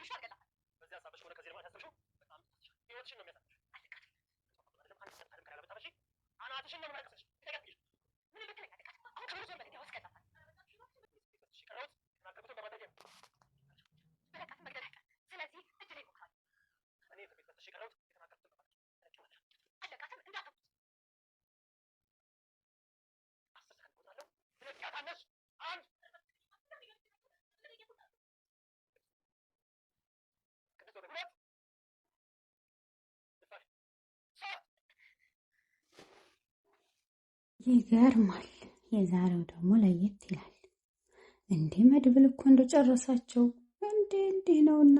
ነው ይገርማል። የዛሬው ደግሞ ለየት ይላል። እንዴ መድብል እኮ እንደጨረሳቸው እንዴ እንዴ ነውና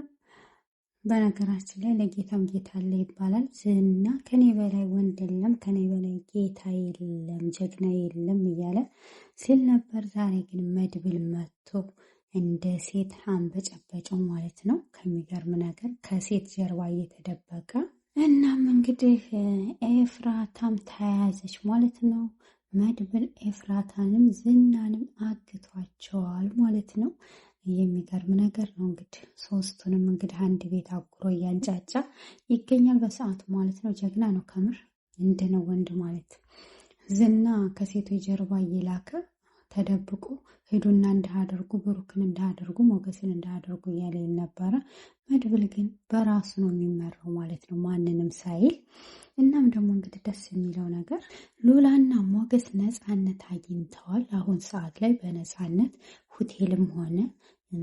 በነገራችን ላይ ለጌታም ጌታ አለ ይባላል። ዝና ከኔ በላይ ወንድ የለም፣ ከኔ በላይ ጌታ የለም፣ ጀግና የለም እያለ ሲል ነበር። ዛሬ ግን መድብል መጥቶ እንደ ሴት አንበጨበጨው ማለት ነው። ከሚገርም ነገር ከሴት ጀርባ እየተደበቀ እናም እንግዲህ ኤፍራታም ተያያዘች ማለት ነው። መድብል ኤፍራታንም ዝናንም አግቷቸዋል ማለት ነው። የሚገርም ነገር ነው። እንግዲህ ሶስቱንም እንግዲህ አንድ ቤት አጉሮ እያንጫጫ ይገኛል በሰዓቱ ማለት ነው። ጀግና ነው ከምር እንድ ወንድ ማለት ዝና ከሴቶች ጀርባ እየላከ ተደብቆ ሄዱና እንዳያደርጉ ብሩክን እንዳያደርጉ ሞገስን እንዳያደርጉ እያለ ነበረ። መድብል ግን በራሱ ነው የሚመራው ማለት ነው ማንንም ሳይል። እናም ደግሞ እንግዲህ ደስ የሚለው ነገር ሉላና ሞገስ ነፃነት አግኝተዋል። አሁን ሰዓት ላይ በነፃነት ሆቴልም ሆነ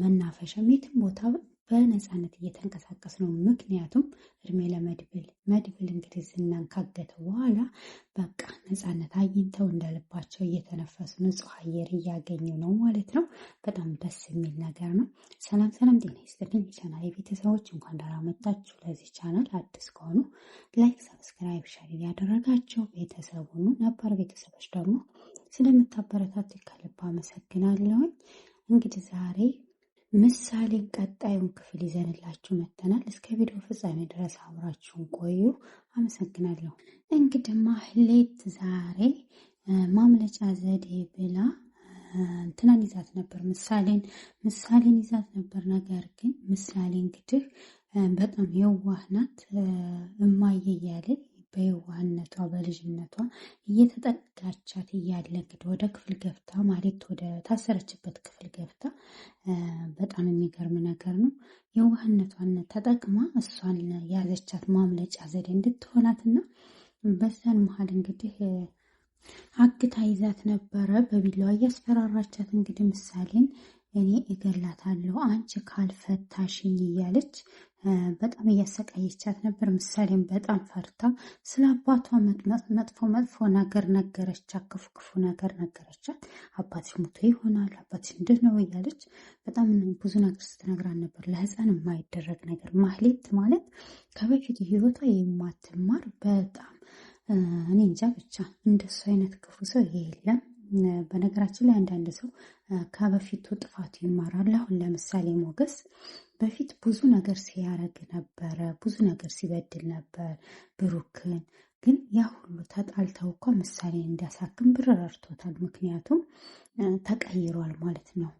መናፈሻም የትም ቦታ በነፃነት እየተንቀሳቀስ ነው። ምክንያቱም እድሜ ለመድብል መድብል እንግዲህ ዝናን ካገተ በኋላ በቃ ነፃነት አግኝተው እንደልባቸው እየተነፈሱ ንጹሕ አየር እያገኙ ነው ማለት ነው። በጣም ደስ የሚል ነገር ነው። ሰላም ሰላም፣ ጤና ይስጥልኝ የቻናል የቤተሰቦች እንኳን ደህና መጣችሁ። ለዚህ ቻናል አዲስ ከሆኑ ላይክ፣ ሰብስክራይብ፣ ሸር እያደረጋቸው ቤተሰቡኑ ነባር ቤተሰቦች ደግሞ ስለምታበረታቱ ከልብ አመሰግናለሁኝ። እንግዲህ ዛሬ ምሳሌን ቀጣዩን ክፍል ይዘንላችሁ መጥተናል። እስከ ቪዲዮ ፍጻሜ ድረስ አብራችሁን ቆዩ። አመሰግናለሁ። እንግዲህማ ሌት ዛሬ ማምለጫ ዘዴ ብላ እንትናን ይዛት ነበር፣ ምሳሌን ምሳሌን ይዛት ነበር። ነገር ግን ምሳሌ እንግዲህ በጣም የዋህ ናት። እማዬ እያለች በየዋህነቷ በልጅነቷ እየተጠጋቻት እያለ እንግዲህ ወደ ክፍል ገብታ ማለት ወደ ታሰረችበት ክፍል ገብታ በጣም የሚገርም ነገር ነው። የዋህነቷን ተጠቅማ እሷን ያዘቻት ማምለጫ ዘዴ እንድትሆናት እንድትሆናትና በዛን መሀል እንግዲህ አግታ ይዛት ነበረ። በቢላዋ እያስፈራራቻት እንግዲህ ምሳሌን እኔ እገላታለሁ አንቺ ካልፈታሽኝ እያለች በጣም እያሰቃየቻት ነበር። ምሳሌም በጣም ፈርታ ስለ አባቷ መጥፎ መጥፎ ነገር ነገረቻት፣ ክፉ ክፉ ነገር ነገረቻት። አባትሽ ሙቶ ይሆናል አባትሽ እንድህ ነው እያለች በጣም ብዙ ነገር ስትነግራን ነበር። ለህፃን የማይደረግ ነገር ማህሌት ማለት ከበፊት ህይወቷ የማትማር በጣም እኔ እንጃ ብቻ እንደሱ አይነት ክፉ ሰው የለም። በነገራችን ላይ አንዳንድ ሰው ከበፊቱ ጥፋቱ ይማራል። አሁን ለምሳሌ ሞገስ በፊት ብዙ ነገር ሲያረግ ነበረ፣ ብዙ ነገር ሲበድል ነበር ብሩክን። ግን ያ ሁሉ ተጣልተው እኮ ምሳሌ እንዲያሳክም ብር ረድቶታል። ምክንያቱም ተቀይሯል ማለት ነው።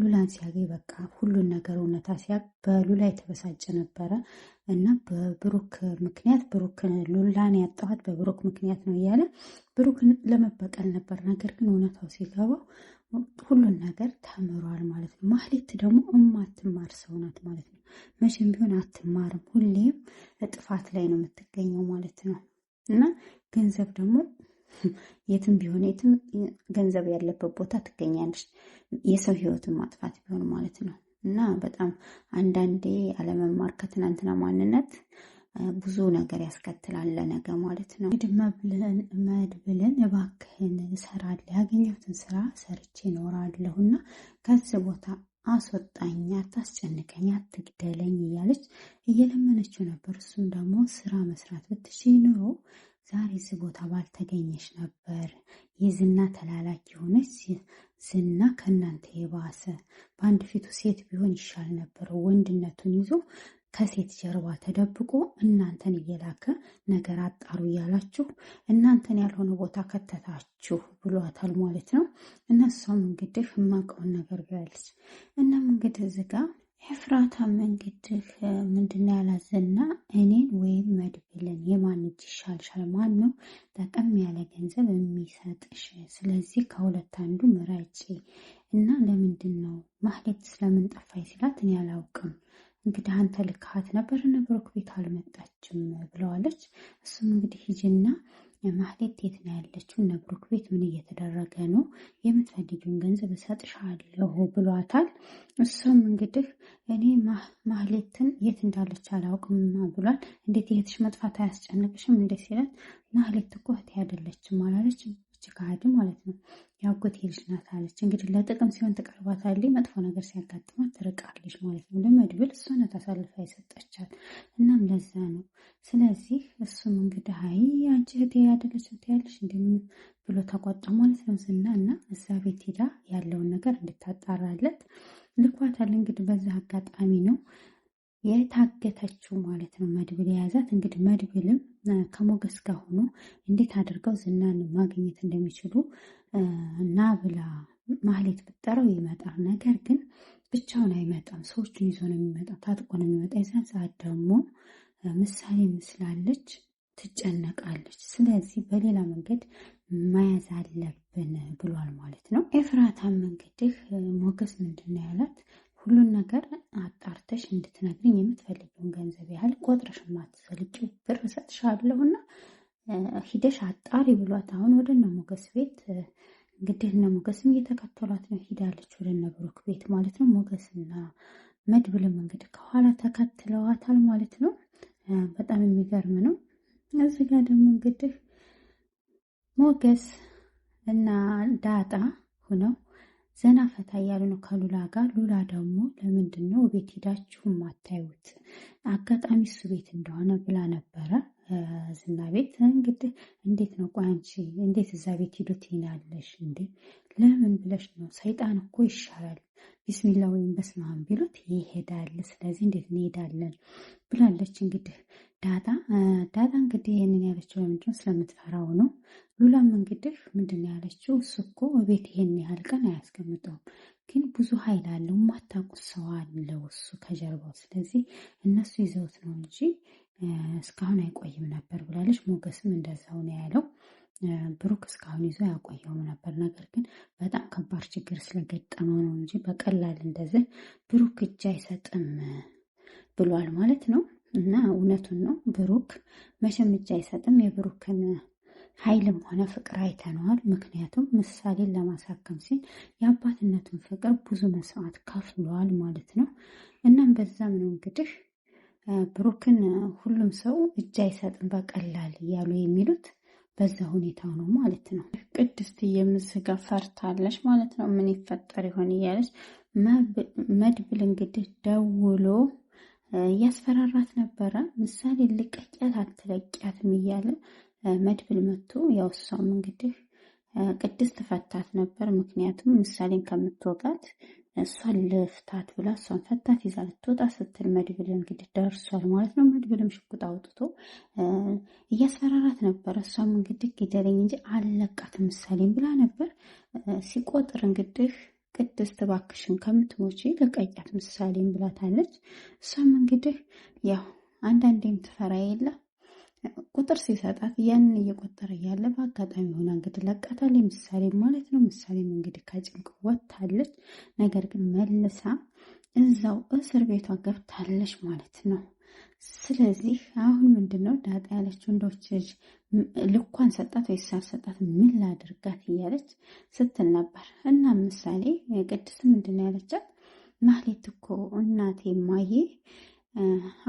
ሉላን ሲያገኝ በቃ ሁሉን ነገር እውነታ ሲያ በሉላ የተበሳጨ ነበረ እና በብሩክ ምክንያት ብሩክ ሉላን ያጣኋት በብሩክ ምክንያት ነው እያለ ብሩክን ለመበቀል ነበር። ነገር ግን እውነታው ሲገባው ሁሉን ነገር ተምሯል ማለት ነው። ማህሌት ደግሞ እማትማር ሰው ናት ማለት ነው። መቼም ቢሆን አትማርም፣ ሁሌም ጥፋት ላይ ነው የምትገኘው ማለት ነው። እና ገንዘብ ደግሞ የትም ቢሆን የትም ገንዘብ ያለበት ቦታ ትገኛለች። የሰው ህይወትን ማጥፋት ቢሆን ማለት ነው። እና በጣም አንዳንዴ አለመማር ከትናንትና ማንነት ብዙ ነገር ያስከትላል ለነገ ማለት ነው። እንግዲህ መድብልን እባክህን እሰራለሁ ያገኘሁትን ስራ ሰርቼ እኖራለሁ እና ከዚህ ቦታ አስወጣኝ፣ አታስጨንቀኝ፣ አትግደለኝ እያለች እየለመነችው ነበር። እሱም ደግሞ ስራ መስራት ብትችይ ኑሮ ዛሬስ ቦታ ባልተገኘሽ ነበር። የዝና ተላላኪ የሆነች ዝና ከእናንተ የባሰ በአንድ ፊቱ ሴት ቢሆን ይሻል ነበር። ወንድነቱን ይዞ ከሴት ጀርባ ተደብቆ እናንተን እየላከ ነገር አጣሩ እያላችሁ እናንተን ያልሆነ ቦታ ከተታችሁ ብሏታል ማለት ነው። እነሷም እንግዲህ የማውቀውን ነገር ብላለች። እናም እንግዲህ ዝጋ ኤፍራታም እንግዲህ ምንድን ያላዘና እኔን ወይም መድብልን የማን እጅ ይሻልሻል? ማን ነው ጠቀም ያለ ገንዘብ የሚሰጥሽ? ስለዚህ ከሁለት አንዱ ምረጪ እና ለምንድን ነው ማህሌት ስለምን ጠፋኝ ሲላት እኔ አላውቅም እንግዲህ አንተ ልካሃት ነበር፣ ብሩክ ቤት አልመጣችም ብለዋለች። እሱም እንግዲህ ሂጂና ማህሌት የት ነው ያለችው? እነ ብሩክ ቤት ምን እየተደረገ ነው? የምትፈልጊውን ገንዘብ እሰጥሻለሁ ብሏታል። እሷም እንግዲህ እኔ ማህሌትን የት እንዳለች አላውቅም ብሏል። እንዴት የትሽ መጥፋት አያስጨንቅሽም? እንዴት ሲላት ማህሌት እኮ እህቴ አይደለችም አላለችም ከሃዲ ማለት ነው። የአጎቴ ልጅ ናት አለች። እንግዲህ ለጥቅም ሲሆን ትቀርባታለች፣ መጥፎ ነገር ሲያጋጥማት ትርቃለች ማለት ነው። ለመድብል እሷ ናት አሳልፋ የሰጠቻት። እናም ለዛ ነው። ስለዚህ እሱም እንግዲህ አይ አንቺ እህቴ ያደለች ትያለሽ እንደምን ብሎ ተቆጣ ማለት ነው። ዝና እና እዛ ቤት ሄዳ ያለውን ነገር እንድታጣራለት ልኳታል። እንግዲህ በዛ አጋጣሚ ነው የታገተችው ማለት ነው። መድብል የያዛት እንግዲህ መድብልም ከሞገስ ጋር ሆኖ እንዴት አድርገው ዝናን ማግኘት እንደሚችሉ እና ብላ ማህሌት ብጠራው ይመጣል። ነገር ግን ብቻውን አይመጣም። ሰዎቹን ይዞ ነው የሚመጣው። ታጥቆ ነው የሚመጣ። የዛን ሰዓት ደግሞ ምሳሌ ምስላለች፣ ትጨነቃለች። ስለዚህ በሌላ መንገድ መያዝ አለብን ብሏል ማለት ነው። ኤፍራታም እንግዲህ ሞገስ ምንድን ነው ያላት ሁሉን ነገር አጣርተሽ እንድትነግርኝ የምትፈልጊውን ገንዘብ ያህል ቆጥረሽ ማትዘልቂው ብር እሰጥሻለሁ እና ሂደሽ አጣሪ ብሏት አሁን ወደ እነ ሞገስ ቤት እንግዲህ እነ ሞገስም እየተከተሏት ነው። ሂዳለች ወደ እነ ብሩክ ቤት ማለት ነው። ሞገስና መድብልም እንግዲህ ከኋላ ተከትለዋታል ማለት ነው። በጣም የሚገርም ነው። እዚህ ጋር ደግሞ እንግዲህ ሞገስ እና ዳጣ ሁነው ዘና ፈታ እያሉ ነው ከሉላ ጋር። ሉላ ደግሞ ለምንድን ነው ቤት ሄዳችሁ የማታዩት? አጋጣሚ እሱ ቤት እንደሆነ ብላ ነበረ ዝና ቤት። እንግዲህ እንዴት ነው ቆይ አንቺ እንዴት እዛ ቤት ሄዶ ትይናለሽ እንዴ? ለምን ብለሽ ነው? ሰይጣን እኮ ይሻላል ቢስሚላ ወይም በስመ ቢሉት ይሄዳል። ስለዚህ እንዴት እንሄዳለን ብላለች እንግዲህ ዳጣ ዳጣ እንግዲህ ይህንን ያለችው ለምንድነው ስለምትፈራው ነው። ሉላም እንግዲህ ምንድን ነው ያለችው? እሱ እኮ ቤት ይሄን ያህል ቀን አያስቀምጠውም፣ ግን ብዙ ኃይል አለው፣ የማታውቁት ሰው አለው እሱ ከጀርባው። ስለዚህ እነሱ ይዘውት ነው እንጂ እስካሁን አይቆይም ነበር ብላለች። ሞገስም እንደዛው ነው ያለው። ብሩክ እስካሁን ይዞ ያቆየውም ነበር፣ ነገር ግን በጣም ከባድ ችግር ስለገጠመው ነው እንጂ በቀላል እንደዚህ ብሩክ እጅ አይሰጥም ብሏል ማለት ነው። እና እውነቱን ነው። ብሩክ መቼም እጅ አይሰጥም። የብሩክን ኃይልም ሆነ ፍቅር አይተነዋል። ምክንያቱም ምሳሌን ለማሳከም ሲል የአባትነቱን ፍቅር ብዙ መስዋዕት ከፍሏል ማለት ነው። እናም በዛም ነው እንግዲህ ብሩክን ሁሉም ሰው እጅ አይሰጥም በቀላል እያሉ የሚሉት በዛ ሁኔታ ነው ማለት ነው። ቅድስት የምስጋ ፈርታለች ማለት ነው። ምን ይፈጠር ይሆን እያለች መድብል እንግዲህ ደውሎ እያስፈራራት ነበረ። ምሳሌ ልቀቂያት አትለቂያትም እያለ መድብል መጥቶ ያው እሷም እንግዲህ ቅድስት ትፈታት ነበር። ምክንያቱም ምሳሌን ከምትወጋት እሷን ልፍታት ብላ እሷን ፈታት ይዛ ልትወጣ ስትል መድብል እንግዲህ ደርሷል ማለት ነው። መድብልም ሽጉጥ አውጥቶ እያስፈራራት ነበር። እሷም እንግዲህ ግደለኝ እንጂ አለቃት ምሳሌን ብላ ነበር። ሲቆጥር እንግዲህ ቅድስት እባክሽን ከምትሞቺ ልቀቂያት ምሳሌን ብላታለች። እሷም እንግዲህ ያው አንዳንዴም ትፈራ የለ ቁጥር ሲሰጣት ያንን እየቆጠረ እያለ በአጋጣሚ ሆና እንግዲህ ለቃታል ምሳሌ ማለት ነው። ምሳሌም እንግዲህ ከጭንቅ ወጥታለች። ነገር ግን መልሳ እዛው እስር ቤቷ ገብታለች ማለት ነው። ስለዚህ አሁን ምንድን ነው ዳጣ ያለችው እንደች ልጅ ልኳን ሰጣት ወይስ አልሰጣት ምን ላድርጋት እያለች ስትል ነበር። እና ምሳሌ ቅድስት ምንድን ነው ያለቻት? ማህሌት እኮ እናቴ ማዬ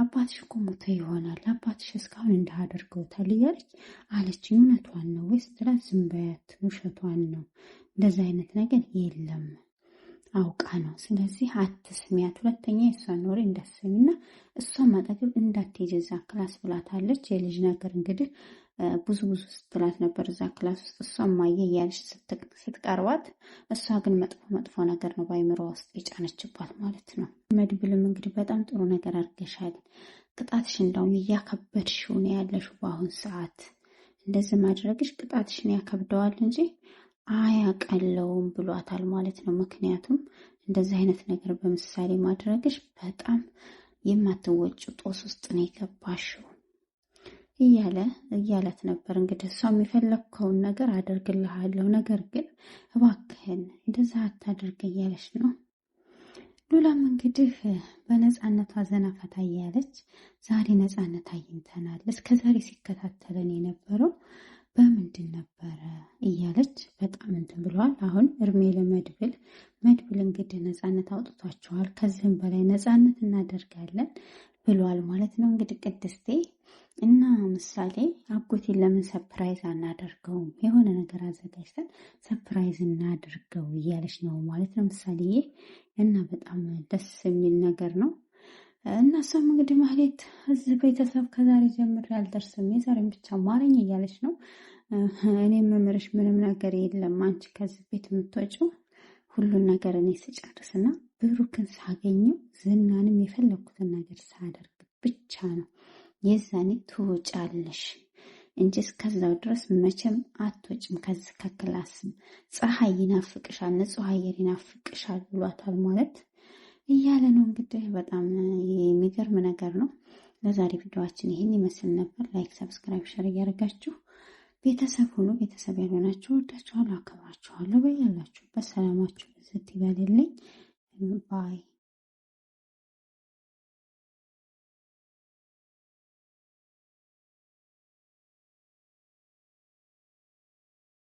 አባትሽ እኮ ሞተ ይሆናል አባትሽ እስካሁን እንዳደርገውታል እያለች አለች። እውነቷን ነው ወይስ ትላት? ዝም በያት ውሸቷን ነው እንደዚ አይነት ነገር የለም አውቃ ነው። ስለዚህ አትስሚያት። ሁለተኛ የእሷን ወሬ እንዳትሰሚና እሷም አጠገብ እንዳትሄጂ እዛ ክላስ ብላታለች። የልጅ ነገር እንግዲህ ብዙ ብዙ ስትላት ነበር እዛ ክላስ ውስጥ እሷም ማየ እያለች ስትቀርባት፣ እሷ ግን መጥፎ መጥፎ ነገር ነው በአይምሮ ውስጥ የጫነችባት ማለት ነው። መድብልም እንግዲህ በጣም ጥሩ ነገር አድርገሻል፣ ቅጣትሽ እንዳውም እያከበድሽው ነው ያለሽው በአሁን ሰዓት እንደዚህ ማድረግሽ ቅጣትሽን ያከብደዋል እንጂ አያቀለውም ብሏታል ማለት ነው። ምክንያቱም እንደዚህ አይነት ነገር በምሳሌ ማድረግሽ በጣም የማትወጭው ጦስ ውስጥ ነው የገባሽው እያለ እያላት ነበር። እንግዲህ እሷ የሚፈለግከውን ነገር አደርግልሃለሁ፣ ነገር ግን እባክህን እንደዛ አታድርግ እያለች ነው። ሉላም እንግዲህ በነፃነቷ ዘና ፈታ እያለች ዛሬ ነፃነት አግኝተናል። እስከዛሬ ሲከታተለን የነበረው በምንድን ነበረ እያለች በጣም እንትን ብለዋል። አሁን እርሜ ለመድብል መድብል እንግዲህ ነፃነት አውጥቷቸዋል። ከዚህም በላይ ነፃነት እናደርጋለን ብሏል ማለት ነው። እንግዲህ ቅድስቴ እና ምሳሌ አጎቴን ለምን ሰፕራይዝ አናደርገውም? የሆነ ነገር አዘጋጅተን ሰፕራይዝ እናደርገው እያለች ነው ማለት ነው ምሳሌዬ። እና በጣም ደስ የሚል ነገር ነው። እነሱም እንግዲህ ማህሌት እዚህ ቤተሰብ ከዛሬ ጀምሬ አልደርስም የዛሬ ብቻ ማረኝ እያለች ነው። እኔ መምርሽ ምንም ነገር የለም አንቺ ከዚህ ቤት የምትወጪው ሁሉን ነገር እኔ ስጨርስና ብሩክን ሳገኘው ዝናንም የፈለግኩትን ነገር ሳደርግ ብቻ ነው የዛኔ ትወጫለሽ እንጂ እስከዛው ድረስ መቼም አትወጭም ከዚህ ከክላስም ፀሐይ ይናፍቅሻል፣ ንጹሕ አየር ይናፍቅሻል ብሏታል ማለት እያለ ነው እንግዲህ በጣም የሚገርም ነገር ነው። ለዛሬ ቪዲዮችን ይህን ይመስል ነበር። ላይክ፣ ሰብስክራይብ፣ ሸር እያደረጋችሁ ቤተሰብ ሁኑ። ቤተሰብ ያልሆናችሁ ወዳችኋለሁ፣ አከብራችኋለሁ። በያላችሁበት ሰላማችሁ ብዝት ይበልልኝ። ባይ